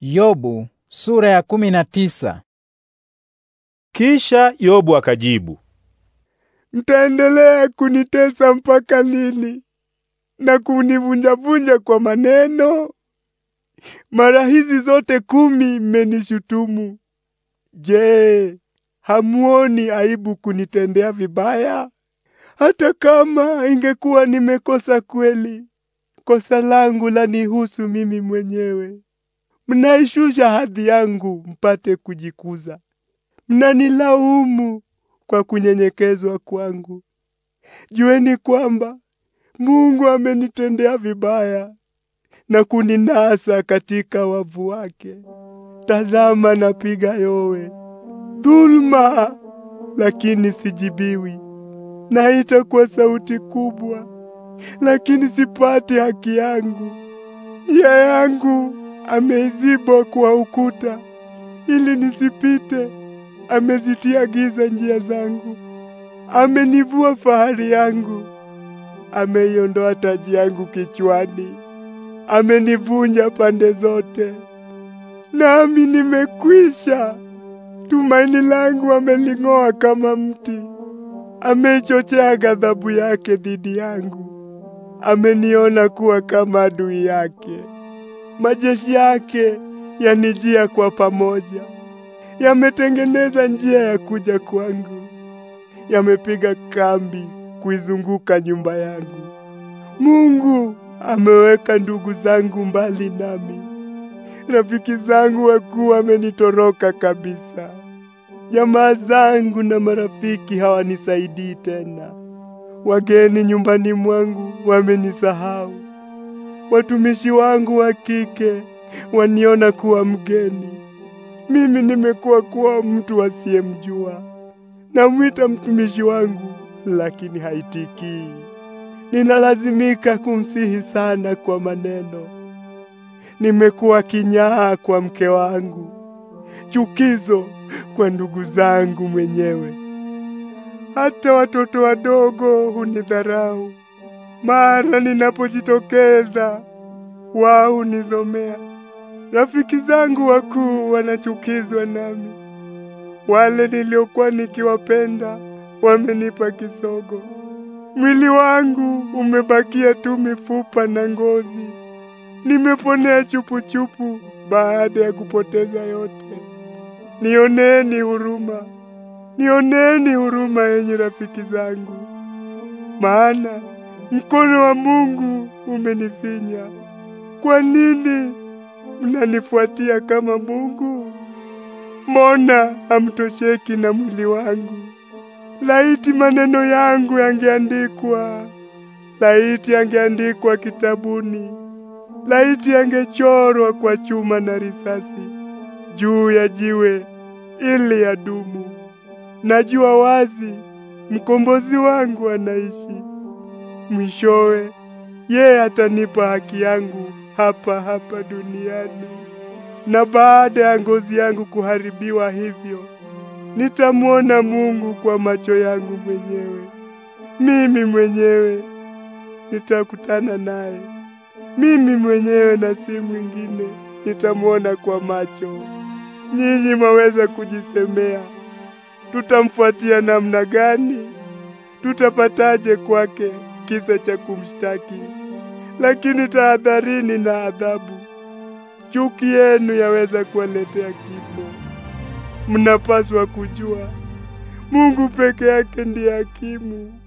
Yobu sura ya kumi na tisa. Kisha Yobu akajibu, mtaendelea kunitesa mpaka lini na kunivunjavunja kwa maneno? Mara hizi zote kumi mmenishutumu. Je, hamuoni aibu kunitendea vibaya? Hata kama ingekuwa nimekosa kweli, kosa langu lanihusu mimi mwenyewe. Mnaishusha hadhi yangu mpate kujikuza. Mnanilaumu kwa kunyenyekezwa kwangu. Jueni kwamba Mungu amenitendea vibaya na kuninasa katika wavu wake. Tazama, napiga yowe dhulma, lakini sijibiwi. Naita kwa sauti kubwa, lakini sipati haki yangu. Njia yangu amezibwa kwa ukuta ili nisipite. Amezitia giza njia zangu, amenivua fahari yangu, ameiondoa taji yangu kichwani, amenivunja pande zote, nami nimekwisha. Tumaini langu ameling'oa kama mti, ameichochea ghadhabu yake dhidi yangu, ameniona kuwa kama adui yake. Majeshi yake yanijia kwa pamoja, yametengeneza njia ya kuja kwangu, yamepiga kambi kuizunguka nyumba yangu. Mungu ameweka ndugu zangu mbali nami, rafiki zangu wakuu wamenitoroka kabisa. Jamaa zangu na marafiki hawanisaidii tena, wageni nyumbani mwangu wamenisahau watumishi wangu wa kike waniona kuwa mgeni. Mimi nimekuwa kuwa mtu asiyemjua. Namwita mtumishi wangu, lakini haitikii. Ninalazimika kumsihi sana kwa maneno. Nimekuwa kinyaa kwa mke wangu, chukizo kwa ndugu zangu mwenyewe. Hata watoto wadogo hunidharau mara ninapojitokeza wao nizomea Rafiki zangu wakuu wanachukizwa nami, wale niliokuwa nikiwapenda wamenipa kisogo. Mwili wangu umebakia tu mifupa na ngozi, nimeponea chupuchupu baada ya kupoteza yote. Nioneni huruma, nioneni huruma yenye rafiki zangu, maana Mkono wa Mungu umenifinya. Kwa nini mnanifuatia kama Mungu? Mbona hamtosheki na mwili wangu? Laiti maneno yangu yangeandikwa, laiti yangeandikwa kitabuni, laiti yangechorwa kwa chuma na risasi juu ya jiwe ili yadumu. Najua wazi mkombozi wangu anaishi. Mwishowe yeye atanipa haki yangu hapa hapa duniani, na baada ya ngozi yangu kuharibiwa hivyo, nitamwona Mungu kwa macho yangu mwenyewe. Mimi mwenyewe nitakutana naye, mimi mwenyewe na si mwingine nitamwona kwa macho. Nyinyi mwaweza kujisemea, tutamfuatia namna gani? Tutapataje kwake? kisa cha kumshtaki, lakini tahadharini na adhabu. Chuki yenu yaweza kuwaletea kifo. Mnapaswa kujua Mungu peke yake ndiye hakimu.